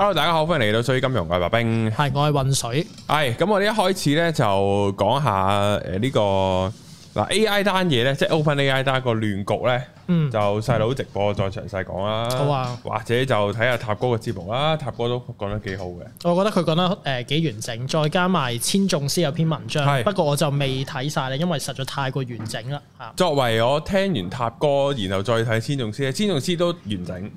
hello，大家好，歡迎嚟到水與金融，我係白兵，係我係渾水，係咁我哋一開始咧就講下誒呢、呃這個嗱 AI 單嘢咧，即、就、係、是、OpenAI 單個亂局咧。就細佬直播再詳細講啦，好啊，或者就睇下塔哥嘅節目啦，塔哥都講得幾好嘅。我覺得佢講得誒幾完整，再加埋千眾師有篇文章，不過我就未睇晒咧，因為實在太過完整啦。作為我聽完塔哥，然後再睇千眾師，千眾師都完整，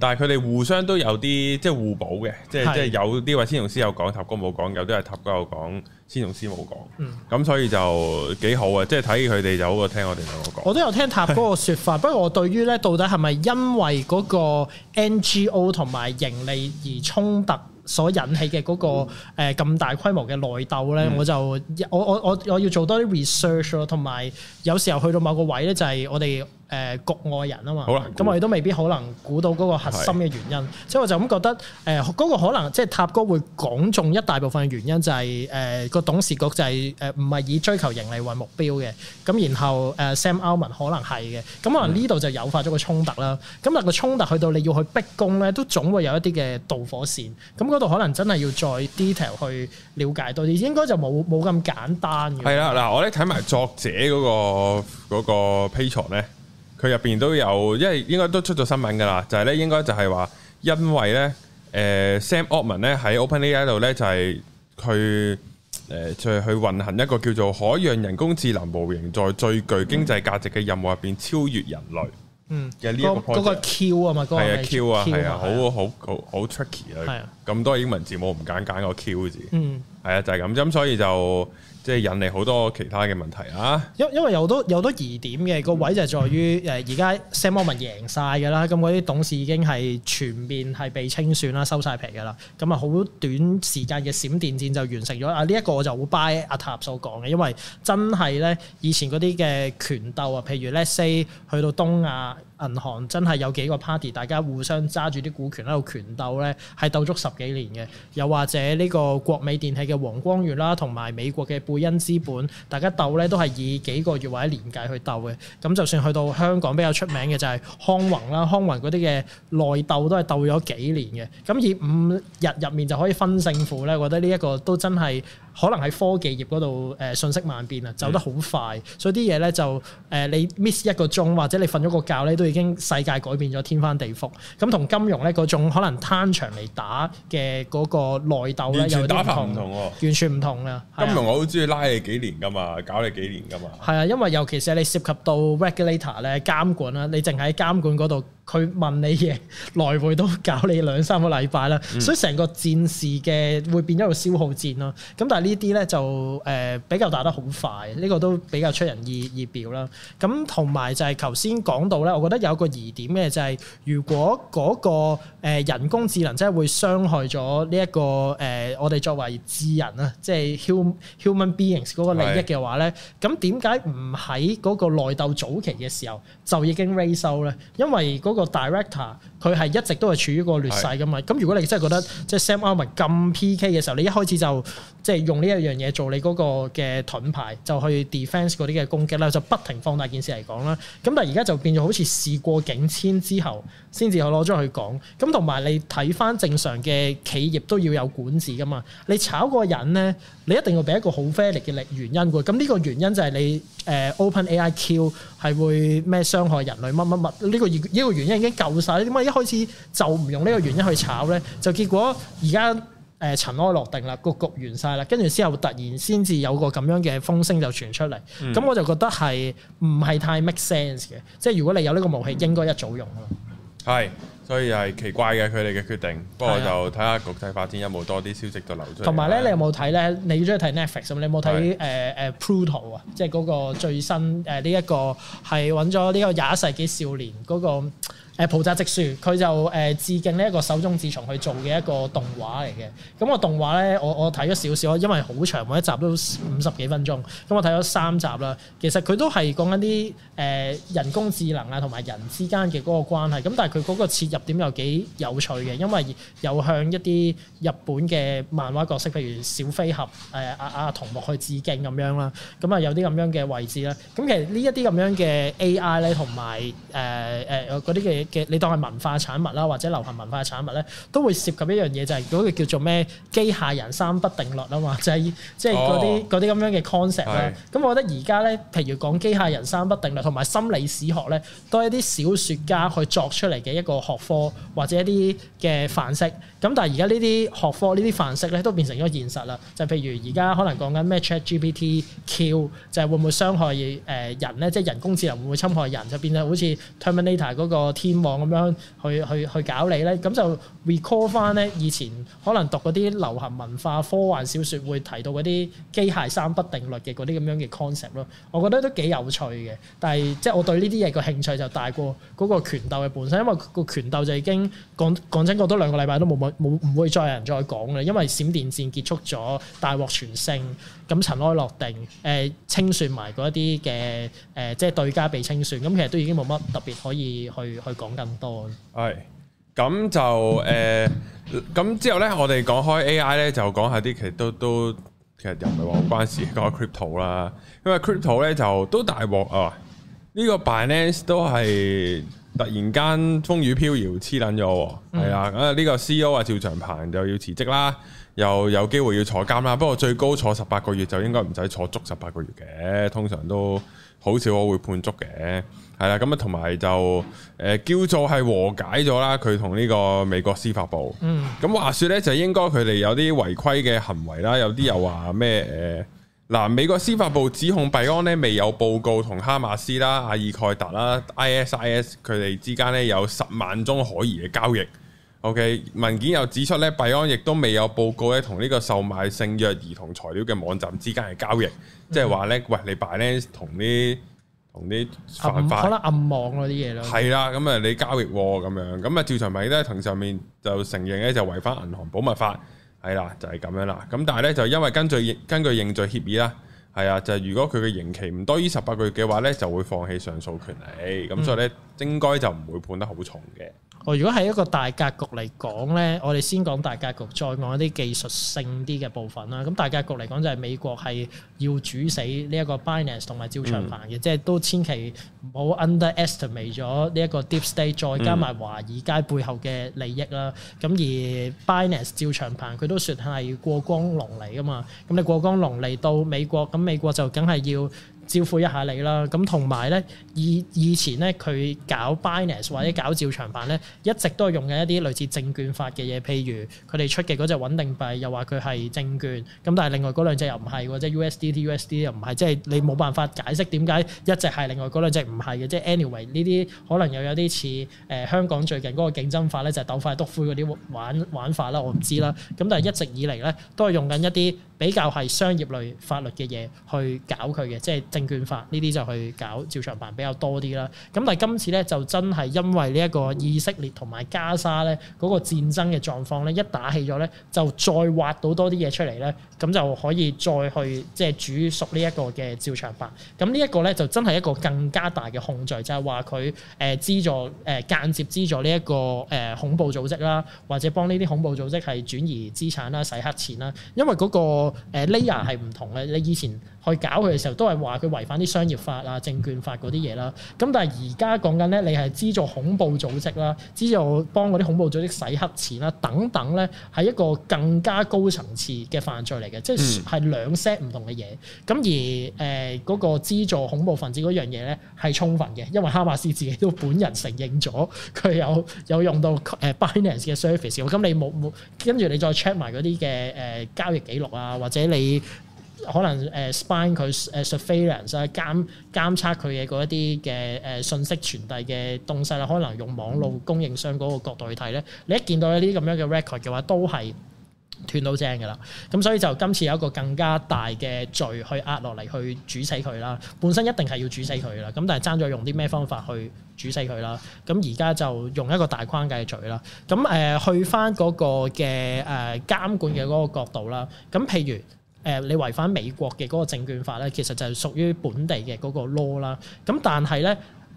但係佢哋互相都有啲即係互補嘅，即係即係有啲話千眾師有講塔哥冇講，有啲係塔哥有講千眾師冇講，咁所以就幾好呀，即係睇佢哋就聽我哋兩個講。我都有聽塔哥嘅説法。所以我對於咧，到底係咪因為嗰個 NGO 同埋盈利而衝突所引起嘅嗰、嗰個咁、嗯呃、大規模嘅內鬥咧、嗯，我就我我我我要做多啲 research 咯，同埋有，有時候去到某個位咧，就係我哋。誒局、呃、外人啊嘛，咁我哋都未必可能估到嗰個核心嘅原因，是所以我就咁覺得誒嗰、呃那個可能即係塔哥會講中一大部分嘅原因就係誒個董事局就係誒唔係以追求盈利為目標嘅，咁然後誒、呃、Sam Altman 可能係嘅，咁可能呢度就誘發咗個衝突啦。咁但係個衝突去到你要去逼供咧，都總會有一啲嘅導火線。咁嗰度可能真係要再 detail 去了解多啲，應該就冇冇咁簡單嘅。係啦、嗯，嗱、嗯、我哋睇埋作者嗰、那個嗰、那個 paper 咧。佢入邊都有，因為應該都出咗新聞噶啦，就係、是、咧，應該就係話，因為咧，誒、呃、Sam Altman 咧喺 OpenAI 度咧，就係佢誒，就、呃、係去運行一個叫做海洋人工智能模型，在最具經濟價值嘅任務入邊超越人類個嗯。嗯，嘅呢一個 project 嗰個 Q 啊嘛，係啊 Q 啊，係啊，好好好好 tricky 啦，係啊，咁、啊、多英文字母唔揀揀個 Q 字，嗯。係啊，就係、是、咁，咁所以就即係引嚟好多其他嘅問題啊！因因為有好多有好多疑點嘅，那個位就係在於誒而家 Sam Altman 贏晒嘅啦，咁嗰啲董事已經係全面係被清算啦，收晒皮嘅啦，咁啊好短時間嘅閃電戰就完成咗啊！呢、這、一個我就好 buy 阿塔所講嘅，因為真係咧以前嗰啲嘅權鬥啊，譬如 Let’s say 去到東亞。銀行真係有幾個 party，大家互相揸住啲股權喺度拳鬥咧，係鬥足十幾年嘅。又或者呢個國美電器嘅黃光裕啦，同埋美國嘅貝恩資本，大家鬥咧都係以幾個月或者年計去鬥嘅。咁就算去到香港比較出名嘅就係康宏啦，康宏嗰啲嘅內鬥都係鬥咗幾年嘅。咁以五日入面就可以分勝負咧，我覺得呢一個都真係。可能喺科技業嗰度，誒、呃、信息萬變啊，走得好快，所以啲嘢咧就誒、呃、你 miss 一個鐘，或者你瞓咗個覺咧，都已經世界改變咗天翻地覆。咁同金融咧嗰種可能攤長嚟打嘅嗰個內鬥咧，完全打唔同喎，完全唔同啊！金融我都鍾意拉你幾年噶嘛，搞你幾年噶嘛。係啊，因為尤其是你涉及到 regulator 咧監管啦，你淨喺監管嗰度。佢問你嘢，來回都搞你兩三個禮拜啦，所以成個戰事嘅會變咗個消耗戰咯。咁但係呢啲咧就誒，比較打得好快，呢個都比較出人意意表啦。咁同埋就係頭先講到咧，我覺得有個疑點嘅就係，如果嗰個誒人工智能真係會傷害咗呢一個誒我哋作為智人啊，即係 human human beings 嗰個利益嘅話咧，咁點解唔喺嗰個內鬥早期嘅時候就已經 raise 咗咧？因為嗰個 director 佢係一直都係處於個劣勢噶嘛，咁是的 如果你真係覺得即係 Sam Altman 咁 PK 嘅時候，你一開始就。即係用呢一樣嘢做你嗰個嘅盾牌，就去 defence 嗰啲嘅攻擊啦，就不停放大件事嚟講啦。咁但係而家就變咗好似事過境遷之後，先至去攞咗去講。咁同埋你睇翻正常嘅企業都要有管治噶嘛。你炒個人咧，你一定要俾一個好 fair 嘅力原因喎。咁呢個原因就係你誒、呃、open AI Q 係會咩傷害人類乜乜乜呢個呢個原因已經夠晒，點解一開始就唔用呢個原因去炒咧？就結果而家。誒、呃、塵埃落定啦，個局完晒啦，跟住之後突然先至有個咁樣嘅風聲就傳出嚟，咁、嗯、我就覺得係唔係太 make sense 嘅，即係如果你有呢個武器，應該一早用咯。係。所以係奇怪嘅佢哋嘅決定，的不過就睇下局勢發展有冇多啲消息都流出同埋咧，你有冇睇咧？你中意睇 Netflix 啊？你有冇睇誒誒 Pluto 啊？即係嗰個最新誒呢一個係揾咗呢個廿一世紀少年嗰，那個誒《浦澤直樹》，佢就誒、呃、致敬呢一個手塚治虫去做嘅一個動畫嚟嘅。咁、那個動畫咧，我我睇咗少少，因為好長，每一集都五十幾分鐘，咁我睇咗三集啦。其實佢都係講緊啲誒人工智能啊，同埋人之間嘅嗰個關係。咁但係佢嗰個切入。點又幾有趣嘅，因為有向一啲日本嘅漫畫角色，譬如小飛俠、誒阿阿童木去致敬咁樣啦，咁啊有啲咁樣嘅位置啦。咁其實這這呢一啲咁樣嘅 AI 咧，同埋誒誒嗰啲嘅嘅，你當係文化產物啦，或者流行文化嘅產物咧，都會涉及一樣嘢，就係、是、嗰個叫做咩機械人三不定律啊嘛、就是，就係即係嗰啲啲咁樣嘅 concept 啦。咁是我覺得而家咧，譬如講機械人三不定律同埋心理史學咧，都係一啲小説家去作出嚟嘅一個學科或者一啲嘅範式，咁但係而家呢啲學科呢啲範式咧都變成咗現實啦。就譬如而家可能講緊咩 ChatGPT Q，就係會唔會傷害誒人咧？即係人工智能會唔會侵害人？就變咗好似 Terminator 嗰個天網咁樣去去去搞你咧？咁就 recall 翻咧以前可能讀嗰啲流行文化科幻小說會提到嗰啲機械三不定律嘅嗰啲咁樣嘅 concept 咯。我覺得都幾有趣嘅，但係即係我對呢啲嘢個興趣就大過嗰個拳鬥嘅本身，因為個拳鬥。我就已經講講真，過多兩個禮拜都冇冇，唔會再有人再講啦。因為閃電戰結束咗，大獲全勝，咁塵埃落定，誒清算埋嗰一啲嘅誒，即係對家被清算，咁其實都已經冇乜特別可以去去講更多。係咁就誒，咁之後咧，我哋講開 A I 咧，就講下啲其實都都其實又唔係話好關事，講下 crypto 啦，因為 crypto 咧就都大鑊啊，呢個 Binance 都係。突然間風雨飄搖，黐撚咗喎，係、嗯、啊！咁啊呢個 CEO 啊趙長鵬又要辭職啦，又有機會要坐監啦。不過最高坐十八個月，就應該唔使坐足十八個月嘅，通常都好少我會判足嘅。係啦、啊，咁啊同埋就誒、呃、叫做係和解咗啦，佢同呢個美國司法部。咁、嗯、話説咧，就應該佢哋有啲違規嘅行為啦，有啲又話咩誒？嗱，美國司法部指控幣安咧，未有報告同哈馬斯啦、阿爾蓋達啦、ISIS 佢哋之間咧有十萬宗可疑嘅交易。OK，文件又指出咧，幣安亦都未有報告咧同呢個售賣性約兒童材料嘅網站之間嘅交易，即係話咧，喂，你擺呢同啲同啲暗可能網嗰啲嘢咯。係啦，咁啊你交易喎、喔、咁樣，咁啊趙長鵬呢，喺庭上面就承認呢就違反銀行保密法。係啦，就係、是、咁樣啦。咁但係咧，就因為根據根據認罪協議啦，係啊，就如果佢嘅刑期唔多於十八個月嘅話咧，就會放棄上訴權利。咁、嗯、所以咧，應該就唔會判得好重嘅。哦，如果係一個大格局嚟講咧，我哋先講大格局，再講一啲技術性啲嘅部分啦。咁大格局嚟講就係美國係要煮死呢一個 Binance 同埋趙長鵬嘅，嗯、即係都千祈唔好 underestimate 咗呢一個 deep state，再加埋華爾街背後嘅利益啦。咁、嗯、而 Binance 趙長鵬佢都算係過江龍嚟噶嘛，咁你過江龍嚟到美國，咁美國就梗係要，招呼一下你啦，咁同埋咧，以以前咧佢搞 Binance 或者搞趙長鵬咧，一直都係用緊一啲類似證券法嘅嘢，譬如佢哋出嘅嗰隻穩定幣又話佢係證券，咁但係另外嗰兩隻又唔係，即係 usdt u s d 又唔係，即係你冇辦法解釋點解一隻係，另外嗰兩隻唔係嘅，即係 anyway 呢啲可能又有啲似誒香港最近嗰個競爭法咧，就係、是、鬥快篤灰嗰啲玩玩法啦，我唔知啦，咁但係一直以嚟咧都係用緊一啲比較係商業類法律嘅嘢去搞佢嘅，即係。證券法呢啲就去搞趙長鵬比較多啲啦。咁但係今次咧，就真係因為呢一個以色列同埋加沙咧，嗰個戰爭嘅狀況咧一打起咗咧，就再挖到多啲嘢出嚟咧，咁就可以再去即係煮熟呢一個嘅趙長鵬。咁呢一個咧，就真係一個更加大嘅控罪，就係話佢誒資助誒間接資助呢一個誒恐怖組織啦，或者幫呢啲恐怖組織係轉移資產啦、洗黑錢啦。因為嗰個誒 layer 係唔同嘅，嗯、你以前。去搞佢嘅時候，都係話佢違反啲商業法啊、證券法嗰啲嘢啦。咁但係而家講緊咧，你係資助恐怖組織啦，資助幫嗰啲恐怖組織洗黑錢啦，等等咧，係一個更加高層次嘅犯罪嚟嘅，即係係兩 set 唔同嘅嘢。咁而誒嗰個資助恐怖分子嗰樣嘢咧，係充分嘅，因為哈馬斯自己都本人承認咗佢有有用到誒 Binance 嘅 service。咁你冇冇跟住你再 check 埋嗰啲嘅誒交易記錄啊，或者你，可能誒 spine 佢誒 surveillance 啊監監測佢嘅嗰一啲嘅誒信息傳遞嘅東西啦，可能用網絡供應商嗰個角度去睇咧，你一見到呢啲咁樣嘅 record 嘅話，都係斷到正㗎啦。咁所以就今次有一個更加大嘅罪去壓落嚟去煮死佢啦，本身一定係要煮死佢啦。咁但係爭咗用啲咩方法去煮死佢啦。咁而家就用一個大框架嘅罪啦。咁誒去返嗰個嘅誒監管嘅嗰個角度啦。咁譬如。誒、呃，你違反美國嘅嗰個證券法咧，其實就係屬於本地嘅嗰個 law 啦。咁但係咧，誒、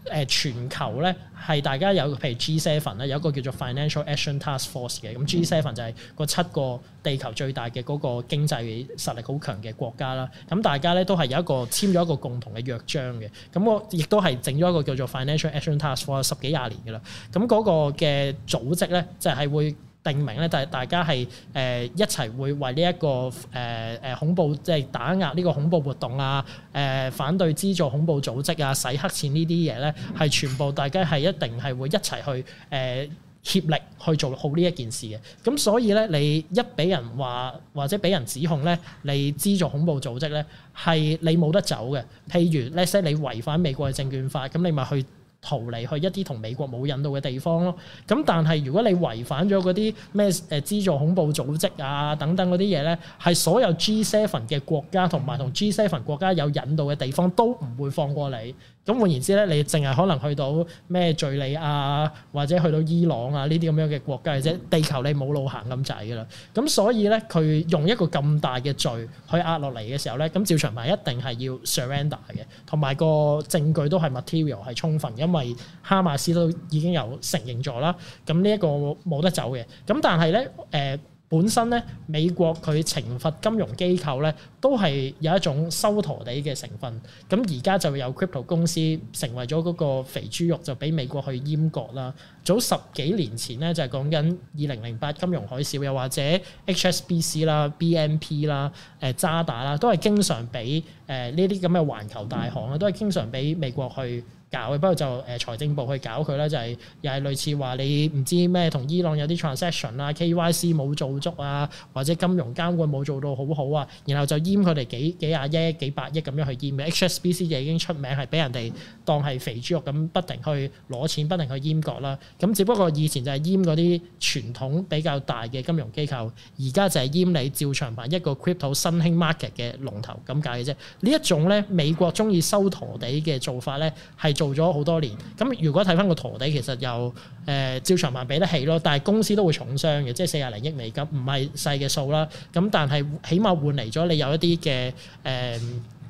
呃、全球咧係大家有個譬如 G7 咧，有一個叫做 Financial Action Task Force 嘅。咁 G7 就係嗰七個地球最大嘅嗰個經濟實力好強嘅國家啦。咁大家咧都係有一個簽咗一個共同嘅約章嘅。咁我亦都係整咗一個叫做 Financial Action Task Force 十幾廿年嘅啦。咁嗰個嘅組織咧就係、是、會。定名咧，就係大家係誒、呃、一齊會為呢、這、一個誒誒、呃呃、恐怖，即係打壓呢個恐怖活動啊！誒、呃、反對資助恐怖組織啊、洗黑錢呢啲嘢咧，係全部大家係一定係會一齊去誒、呃、協力去做好呢一件事嘅。咁所以咧，你一俾人話或者俾人指控咧，你資助恐怖組織咧，係你冇得走嘅。譬如咧，你違反美國嘅證券法，咁你咪去，逃離去一啲同美國冇引渡嘅地方咯，咁但係如果你違反咗嗰啲咩誒資助恐怖組織啊等等嗰啲嘢咧，係所有 G7 嘅國家同埋同 G7 國家有引渡嘅地方都唔會放過你。咁換言之咧，你淨係可能去到咩敍利亞或者去到伊朗啊呢啲咁樣嘅國家，或者地球你冇路行咁滯噶啦。咁所以咧，佢用一個咁大嘅罪去壓落嚟嘅時候咧，咁趙長鵬一定係要 surrender 嘅，同埋個證據都係 material 係充分，因為哈馬斯都已經有承認咗啦。咁呢一個冇得走嘅。咁但係咧，誒、呃。本身咧，美國佢懲罰金融機構咧，都係有一種收陀地嘅成分。咁而家就有 crypto 公司成為咗嗰個肥豬肉，就俾美國去閹割啦。早十幾年前咧，就係講緊二零零八金融海嘯，又或者 HSBC 啦、呃、BNP 啦、誒渣打啦，都係經常俾誒呢啲咁嘅環球大行啊，都係經常俾美國去搞嘅，不過就誒、呃、財政部去搞佢啦，就係、是、又係類似話你唔知咩同伊朗有啲 transaction 啦，KYC 冇做足啊，或者金融監管冇做到好好啊，然後就閹佢哋幾幾廿億、幾百億咁樣去閹嘅。HSBC 就已經出名係俾人哋當係肥豬肉咁，不停去攞錢，不停去閹割啦。咁只不過以前就係閹嗰啲傳統比較大嘅金融機構，而家就係閹你照常品一個 crypto 新興 market 嘅龍頭咁解嘅啫。呢一種咧美國鍾意收陀地嘅做法咧，係。做咗好多年，咁如果睇翻個陀地，其實又誒、呃、照常平俾得起咯，但係公司都會重傷嘅，即係四廿零億美金，唔係細嘅數啦。咁但係起碼換嚟咗，你有一啲嘅誒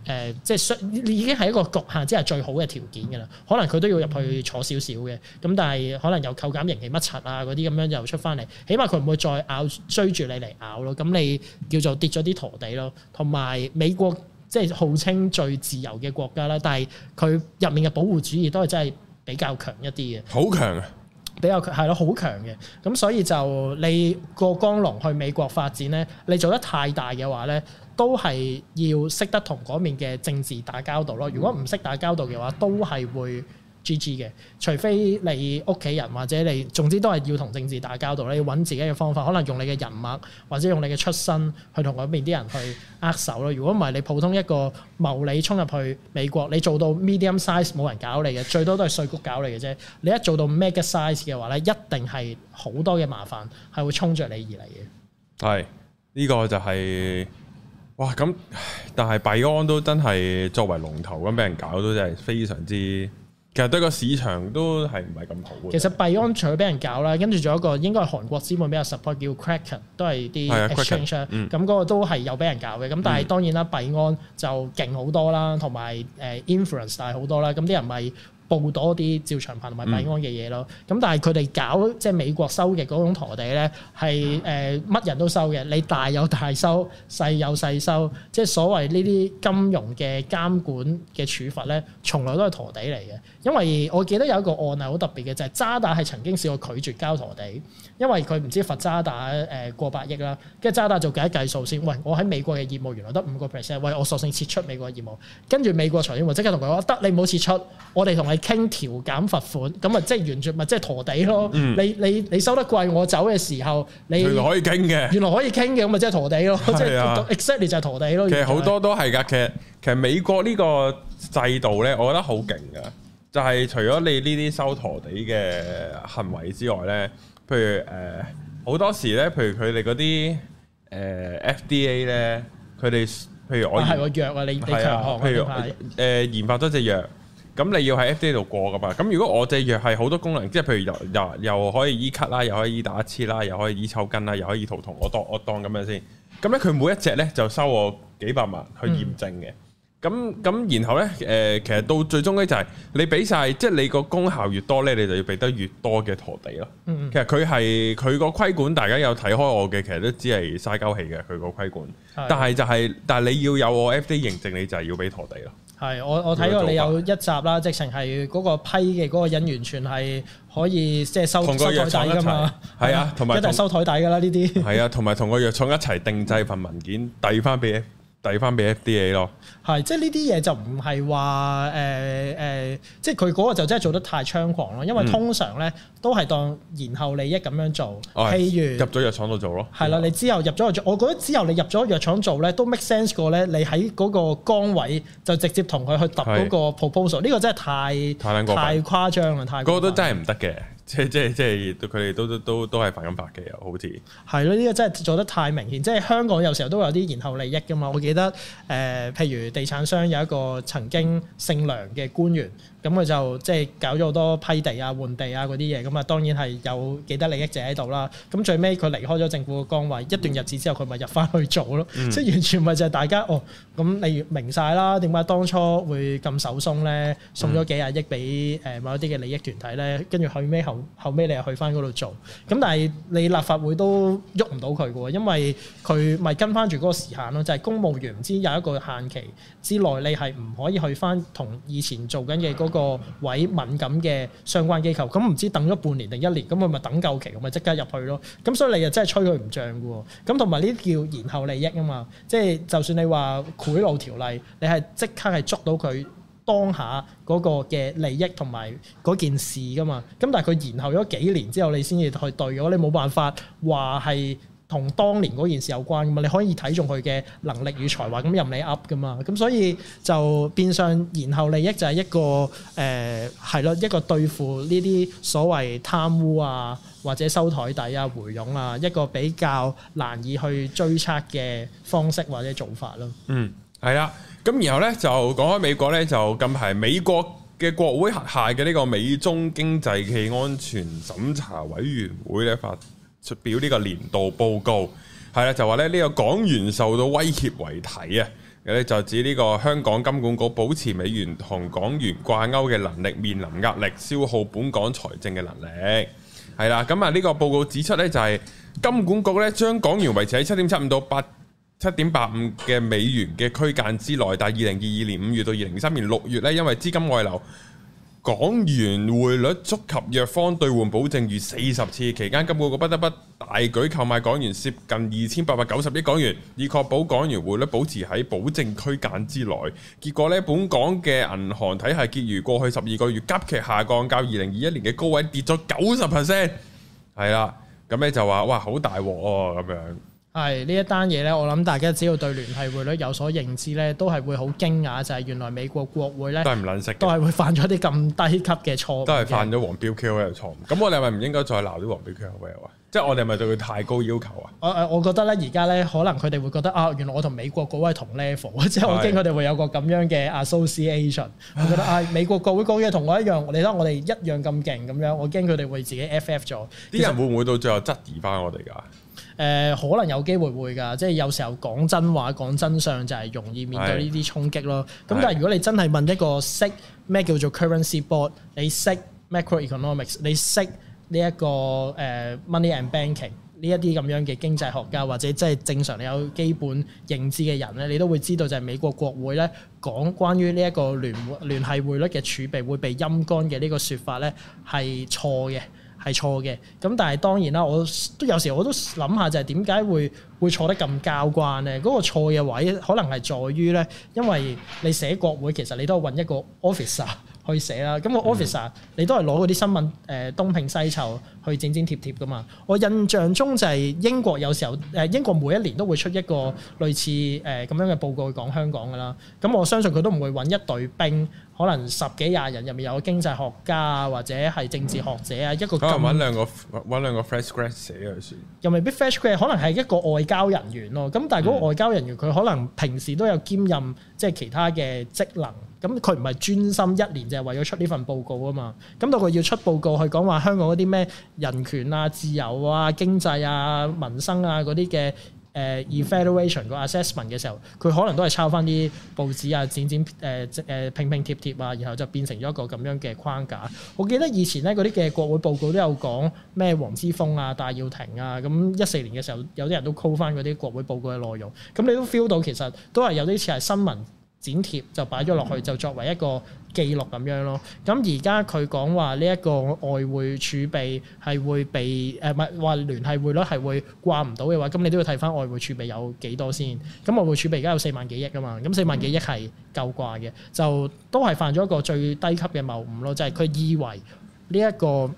誒，即係已已經係一個局限，即係最好嘅條件嘅啦。可能佢都要入去坐少少嘅，咁、嗯、但係可能又扣減刑期乜柒啊嗰啲咁樣又出翻嚟，起碼佢唔會再咬追住你嚟咬咯。咁你叫做跌咗啲陀地咯，同埋美國。即係號稱最自由嘅國家啦，但係佢入面嘅保護主義都係真係比較強一啲嘅。好強啊！比較強，係咯，好強嘅。咁所以就你過江龍去美國發展呢，你做得太大嘅話呢，都係要識得同嗰面嘅政治打交道咯。如果唔識打交道嘅話，都係會 G.G. 嘅，除非你屋企人或者你，總之都係要同政治打交道，你要揾自己嘅方法，可能用你嘅人脈或者用你嘅出身去同嗰邊啲人去握手咯。如果唔係你普通一個茂利衝入去美國，你做到 medium size 冇人搞你嘅，最多都係稅局搞你嘅啫。你一做到 mega size 嘅話咧，一定係好多嘅麻煩係會衝着你而嚟嘅。係呢、這個就係、是、哇咁，但係幣安都真係作為龍頭咁俾人搞都真係非常之。其實對個市場都係唔係咁好嘅。其實幣安除咗俾人搞啦，跟住仲有一個應該係韓國資本比較 support，叫 Kraken，都係啲 exchange。咁嗰個都係有俾人搞嘅。咁但係當然啦，幣安就勁好多啦，同埋誒 influence 大好多啦。咁啲人咪、就是、～報多啲趙長鵬同埋幣安嘅嘢咯，咁、嗯、但係佢哋搞即係、就是、美國收嘅嗰種陀地咧，係誒乜人都收嘅，你大有大收，細有細收，即、就、係、是、所謂呢啲金融嘅監管嘅處罰咧，從來都係陀地嚟嘅。因為我記得有一個案例好特別嘅就係、是、渣打係曾經試過拒絕交陀地，因為佢唔知罰渣打誒過百億啦，跟住渣打做計一計數先，喂，我喺美國嘅業務原來得五個 percent，喂，我索性撤出美國嘅業務，跟住美國財經部即刻同佢講，得，你唔好撤出，我哋同你。傾調減罰款，咁啊，即係完全咪即係陀地咯、嗯。你你你收得貴，我走嘅時候你原來可以傾嘅，原來可以傾嘅，咁咪即係陀地咯，即係 exactly 就係陀地咯。其實好多都係噶，其實其實美國呢個制度咧，我覺得好勁噶。就係、是、除咗你呢啲收陀地嘅行為之外咧，譬如誒好、呃、多時咧，譬如佢哋嗰啲誒 FDA 咧，佢哋譬如我係個藥啊，你，你啊譬如誒、啊啊、研發咗隻藥。咁你要喺 FDA 度過㗎嘛？咁如果我隻藥係好多功能，即係譬如又又又可以醫咳啦，又可以醫、e e、打黐啦，又可以醫、e、抽筋啦，又可以醫肚痛，我當我當咁樣先。咁咧佢每一隻咧就收我幾百萬去驗證嘅。咁咁、嗯、然後咧誒、呃，其實到最終咧就係、是、你俾晒，即、就、係、是、你個功效越多咧，你就要俾得越多嘅陀地咯。嗯、其實佢係佢個規管，大家有睇開我嘅，其實都只係嘥鳩氣嘅佢個規管。的但係就係、是、但係你要有我 FDA 認證，你就係要俾陀地咯。係，我我睇過你有一集啦，直情係嗰個批嘅嗰個人完全係可以即係收收枱底㗎嘛，係啊，同埋一係 收枱底㗎啦呢啲，係啊，同埋同個藥廠一齊定製份文件遞翻俾你。抵翻俾 FDA 咯，係即係呢啲嘢就唔係話誒誒，即係佢嗰個就真係做得太猖狂咯，因為通常咧都係當然後利益咁樣做，嗯、譬如入咗藥廠度做咯，係啦，你之後入咗藥廠我覺得之後你入咗藥廠做咧都 make sense 過咧，你喺嗰個崗位就直接同佢去揼嗰個 proposal，呢個真係太太誇張啦，太嗰個都真係唔得嘅。即即即都佢哋都都都都係犯緊法嘅，好似係咯，呢個真係做得太明顯。即係香港有時候都有啲延後利益噶嘛。我記得誒，譬如地產商有一個曾經姓梁嘅官員，咁佢就即係搞咗好多批地啊、換地啊嗰啲嘢。咁啊，當然係有幾多利益者喺度啦。咁最尾佢離開咗政府嘅崗位一段日子之後，佢咪入翻去做咯。即係完全咪就係大家哦咁，你明曬啦，點解當初會咁手鬆咧？送咗幾廿億俾誒某一啲嘅利益團體咧，跟住後尾後。後尾你又去翻嗰度做，咁但係你立法會都喐唔到佢嘅喎，因為佢咪跟翻住嗰個時限咯，就係、是、公務員唔知有一個限期之內，你係唔可以去翻同以前做緊嘅嗰個位敏感嘅相關機構。咁唔知等咗半年定一年，咁佢咪等夠期，咪即刻入去咯。咁所以你又真係吹佢唔脹嘅喎。咁同埋呢啲叫延後利益啊嘛，即、就、係、是、就算你話賄賂條例，你係即刻係捉到佢。當下嗰個嘅利益同埋嗰件事噶嘛，咁但係佢延後咗幾年之後你，你先至去對咗，你冇辦法話係同當年嗰件事有關噶嘛？你可以睇中佢嘅能力與才華，咁任你噏噶嘛，咁所以就變相延後利益就係一個誒係咯，一個對付呢啲所謂貪污啊或者收台底啊回傭啊一個比較難以去追測嘅方式或者做法咯、啊。嗯。係啦，咁然後咧就講開美國咧，就近排美國嘅國會轄下嘅呢個美中經濟暨安全審查委員會咧，發出表呢個年度報告，係啦，就話咧呢個港元受到威脅為題啊，然後咧就指呢個香港金管局保持美元同港元掛鈎嘅能力面臨壓力，消耗本港財政嘅能力，係啦，咁啊呢個報告指出咧就係金管局咧將港元維持喺七點七五到八。七點八五嘅美元嘅區間之內，但係二零二二年五月到二零二三年六月呢，因為資金外流，港元匯率觸及弱方兌換保證逾四十次，期間金管局不得不大舉購買港元，涉近二千八百九十億港元，以確保港元匯率保持喺保證區間之內。結果呢，本港嘅銀行體系結餘過去十二個月急劇下降，較二零二一年嘅高位跌咗九十 percent，係啦，咁呢就話，哇好大鑊喎咁樣。係呢一單嘢咧，我諗大家只要對聯繫匯率有所認知咧，都係會好驚訝，就係、是、原來美國國會咧都係唔撚識，都係會犯咗啲咁低級嘅錯誤，都係犯咗黃標 QE 嘅錯誤。咁 我哋係咪唔應該再鬧啲黃標 QE 嘅話？ 即係我哋係咪對佢太高要求啊？ 我誒，我覺得咧，而家咧，可能佢哋會覺得啊，原來我同美國國會同 level，即係我驚佢哋會有個咁樣嘅 association，我覺得啊，美國國會講嘢同 我一樣，嚟啦，我哋一樣咁勁，咁樣我驚佢哋會自己 FF 咗。啲人 實會唔會到最後質疑翻我哋㗎？誒、呃、可能有機會會㗎，即係有時候講真話講真相就係容易面對呢啲衝擊咯。咁的但係如果你真係問一個識咩叫做 currency board，你識 macroeconomics，你識呢一個誒 money and banking 呢一啲咁樣嘅經濟學家，或者即係正常你有基本認知嘅人咧，你都會知道就係美國國會咧講關於呢一個聯聯繫匯率嘅儲備會被陰乾嘅呢個説法咧係錯嘅。係錯嘅，咁但係當然啦，我都有時我都諗下就係點解會會錯得咁交關咧？嗰、那個錯嘅位可能係在於咧，因為你寫國會其實你都係揾一個 officer。去寫啦，咁我 officer 你都係攞嗰啲新聞誒東拼西湊去整整貼貼噶嘛？我印象中就係英國有時候誒英國每一年都會出一個類似誒咁樣嘅報告講香港噶啦，咁我相信佢都唔會揾一隊兵，可能十幾廿人入面有經濟學家或者係政治學者啊，一個可能揾兩個揾兩個 fresh grad 寫佢先，又未必 fresh grad，可能係一個外交人員咯。咁但係嗰個外交人員佢可能平時都有兼任即係其他嘅職能。咁佢唔係專心一年就係為咗出呢份報告啊嘛，咁到佢要出報告去講話香港嗰啲咩人權啊、自由啊、經濟啊、民生啊嗰啲嘅誒 evaluation 個 assessment 嘅時候，佢可能都係抄翻啲報紙啊，剪剪誒誒拼拼貼貼啊，然後就變成咗一個咁樣嘅框架。我記得以前咧嗰啲嘅國會報告都有講咩黃之鋒啊、戴耀廷啊，咁一四年嘅時候有啲人都 call 翻嗰啲國會報告嘅內容，咁你都 feel 到其實都係有啲似係新聞。剪貼就擺咗落去，就作為一個記錄咁樣咯。咁而家佢講話呢一個外匯儲備係會被誒，唔係話聯繫匯率係會掛唔到嘅話，咁你都要睇返外匯儲備有幾多先。咁外匯儲備而家有四萬幾億噶嘛，咁四萬幾億係夠掛嘅，就都係犯咗一個最低級嘅謬誤咯，就係佢以為呢一個。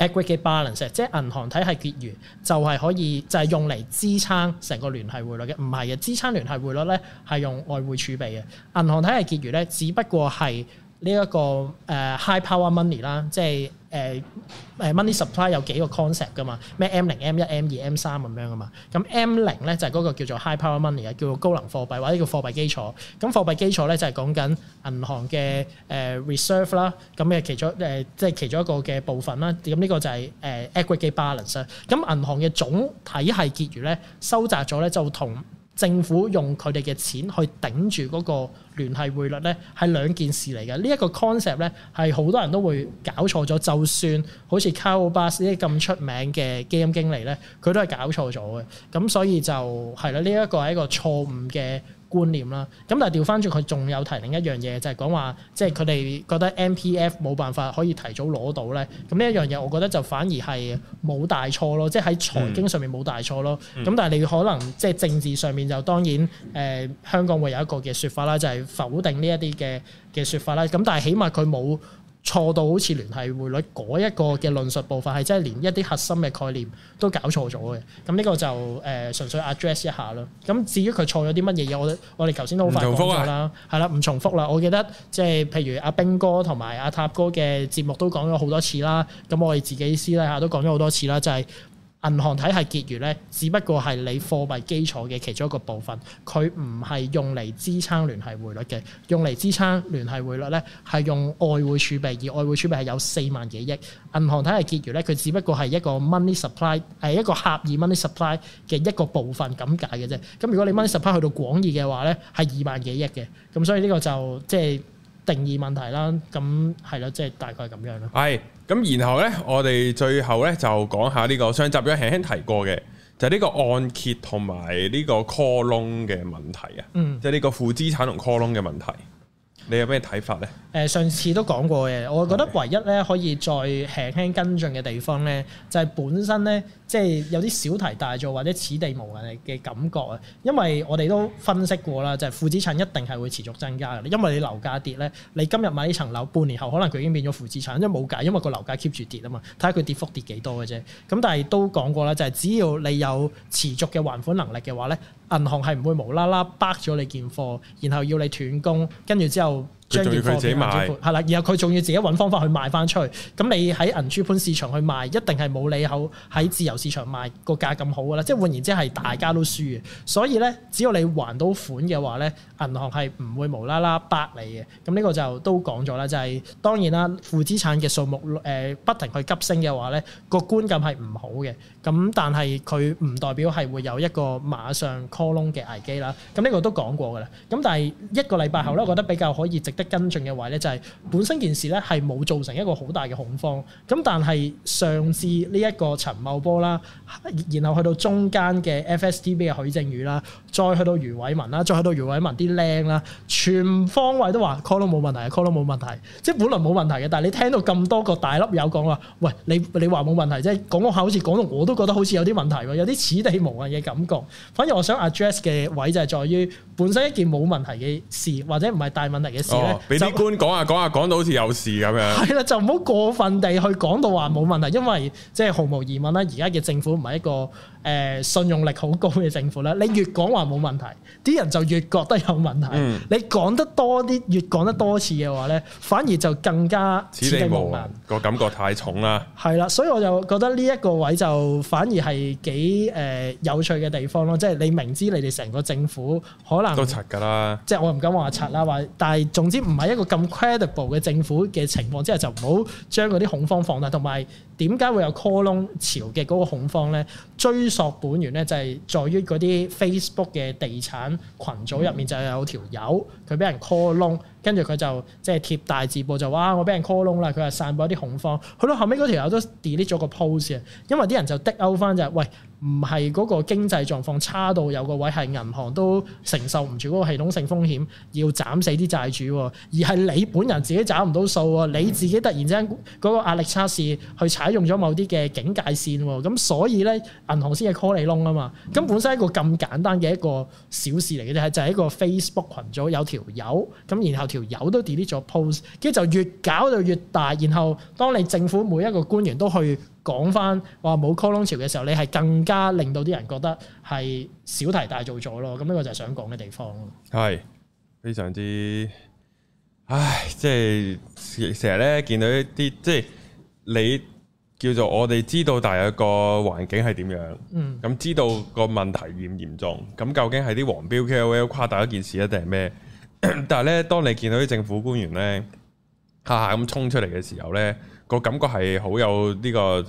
Aggregate balance，即係銀行體系結餘就係、是、可以就係、是、用嚟支撐成個聯繫匯率嘅，唔係嘅，支撐聯繫匯率咧係用外匯儲備嘅，銀行體系結餘咧只不過係。呢一、這個誒、uh, high power money 啦，即係誒誒 money supply 有幾個 concept 噶嘛？咩 M 零、M 一、M 二、M 三咁樣噶嘛？咁 M 零咧就係、是、嗰個叫做 high power money 啊，叫做高能貨幣或者叫貨幣基礎。咁貨幣基礎咧就係講緊銀行嘅誒、uh, reserve 啦，咁嘅其中誒即係其中一個嘅部分啦。咁呢個就係誒 aggregate balance。咁銀行嘅總體係結餘咧，收集咗咧就同。政府用佢哋嘅錢去頂住嗰個聯繫匯率咧，係兩件事嚟嘅。這個、概念呢一個 concept 咧，係好多人都會搞錯咗。就算好似 Kyle Bass 呢啲咁出名嘅基金經理咧，佢都係搞錯咗嘅。咁所以就係啦，呢一個係一個錯誤嘅。觀念啦，咁但係調翻轉佢仲有提另一樣嘢，就係講話，即係佢哋覺得 MPF 冇辦法可以提早攞到咧。咁呢一樣嘢，我覺得就反而係冇大錯咯，即係喺財經上面冇大錯咯。咁但係你可能即係政治上面就當然，誒、呃、香港會有一個嘅説法啦，就係、是、否定呢一啲嘅嘅説法啦。咁但係起碼佢冇。錯到好似聯繫匯率嗰一個嘅論述部分，係真係連一啲核心嘅概念都搞錯咗嘅。咁呢個就誒純粹 address 一下啦。咁至於佢錯咗啲乜嘢嘢，我我哋頭先都好快講咗啦，係啦，唔重複啦。我記得即係譬如阿兵哥同埋阿塔哥嘅節目都講咗好多次啦。咁我哋自己私底下都講咗好多次啦，就係、是。銀行體系結餘咧，只不過係你貨幣基礎嘅其中一個部分，佢唔係用嚟支撐聯繫匯率嘅，用嚟支撐聯繫匯率咧係用外匯儲備，而外匯儲備係有四萬幾億。銀行體系結餘咧，佢只不過係一個 money supply 係一個狹義 money supply 嘅一個部分咁解嘅啫。咁如果你 money supply 去到廣義嘅話咧，係二萬幾億嘅，咁所以呢個就即係。就是定義問題啦，咁係咯，即係、就是、大概係咁樣咯。係，咁然後咧，我哋最後咧就講下呢、這個上集嘅輕，輕輕提過嘅，就係、是、呢個按揭同埋呢個 call 窿嘅問題啊。嗯，即係呢個負資產同 call 窿嘅問題，你有咩睇法咧？誒、呃，上次都講過嘅，我覺得唯一咧可以再輕輕跟進嘅地方咧，就係、是、本身咧。即係有啲小題大做或者此地無銀嘅感覺啊，因為我哋都分析過啦，就係、是、負資產一定係會持續增加嘅。因為你樓價跌咧，你今日買呢層樓，半年後可能佢已經變咗負資產，因為冇計，因為個樓價 keep 住跌啊嘛。睇下佢跌幅跌幾多嘅啫。咁但係都講過啦，就係、是、只要你有持續嘅還款能力嘅話咧，銀行係唔會無啦啦 back 咗你件貨，然後要你斷供，跟住之後。將啲貨俾銀珠盤啦，然後佢仲要自己揾方法去賣翻出去。咁你喺銀珠盤市場去賣，一定係冇理由喺自由市場賣個價咁好噶啦。即係換言之係大家都輸嘅。所以呢，只要你還到款嘅話咧，銀行係唔會無啦啦崩你嘅。咁呢個就都講咗啦。就係、是、當然啦，負資產嘅數目誒不停去急升嘅話呢個觀感係唔好嘅。咁但係佢唔代表係會有一個馬上 call 窿嘅危機啦。咁呢個都講過噶啦。咁但係一個禮拜後呢，我覺得比較可以直，跟進嘅位咧，就係本身件事咧，係冇造成一個好大嘅恐慌。咁但係上至呢一個陳茂波啦，然後去到中間嘅 FSTB 嘅許正宇啦，再去到余偉文啦，再去到余偉文啲靚啦，全方位都話 call 都冇問題，call 都冇問題。即係本來冇問題嘅，但係你聽到咁多個大粒友講話，喂，你你話冇問題，即係講講下好似講到我都覺得好似有啲問題喎，有啲此地無銀嘅感覺。反而我想 address 嘅位就係在於本身一件冇問題嘅事，或者唔係大問題嘅事咧。俾啲、哦、官講下講下講到好似有事咁樣，係啦就，就唔好過分地去講到話冇問題，因為即係毫無疑問啦。而家嘅政府唔係一個誒、呃、信用力好高嘅政府啦。你越講話冇問題，啲人就越覺得有問題。嗯、你講得多啲，越講得多次嘅話咧，反而就更加此地無個、啊、感覺太重啦。係啦，所以我就覺得呢一個位就反而係幾誒、呃、有趣嘅地方咯。即、就、係、是、你明知你哋成個政府可能都拆㗎啦，即係我唔敢話拆啦，話但係總之。唔係一個咁 credible 嘅政府嘅情況之下，就唔好將嗰啲恐慌放大，同埋。點解會有 call 窿潮嘅嗰個恐慌咧？追溯本源咧，就係在於嗰啲 Facebook 嘅地產群組入面、嗯、就有條友，佢俾人 call 窿，跟住佢就即、是、係貼大字報就話我俾人 call 窿啦，佢就散播一啲恐慌。去到後尾嗰條友都 delete 咗個 post，因為啲人就的勾返就係、是、喂，唔係嗰個經濟狀況差到有個位係銀行都承受唔住嗰個系統性風險要斬死啲債主，而係你本人自己斬唔到數喎，你自己突然之間嗰個壓力測試去踩。用咗某啲嘅警戒線，咁所以咧銀行先係 call 你窿啊嘛。咁本身一個咁簡單嘅一個小事嚟嘅啫，就係、係、一個 Facebook 群組有條友，咁然後條友都 delete 咗 post，跟住就越搞到越大。然後當你政府每一個官員都去講翻話冇 call 窿潮嘅時候，你係更加令到啲人覺得係小題大做咗咯。咁呢個就係想講嘅地方咯。係非常之唉，即係成日咧見到一啲即係你。叫做我哋知道大約個環境係點樣，咁、嗯、知道個問題嚴唔嚴重，咁究竟係啲黃標 KOL 誇大一件事，定係咩？但係咧，當你見到啲政府官員咧，下下咁衝出嚟嘅時候咧，個感覺係好有呢個。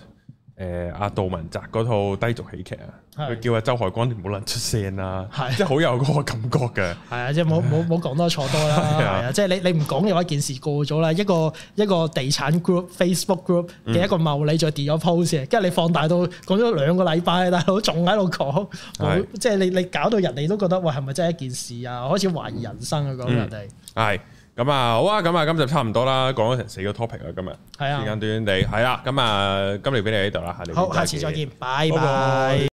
誒阿杜汶澤嗰套低俗喜劇啊，佢叫阿周海光你唔好撚出聲啦，係即係好有嗰個感覺嘅。係啊，即係冇冇冇講多錯多啦。係啊，即係你你唔講嘅話，件事過咗啦。一個一個地產 group Facebook group 嘅一個謀利再跌咗 post 啊，跟住你放大到講咗兩個禮拜，大佬仲喺度講，即係你你搞到人哋都覺得喂係咪真係一件事啊？開始懷疑人生啊，講人哋係。咁啊，好啊，咁啊，今日差唔多啦，講咗成四個 topic 喇，今日係啊，時間短短哋，係啦，咁啊，今日俾你喺度啦，好，下次再見，拜拜。拜拜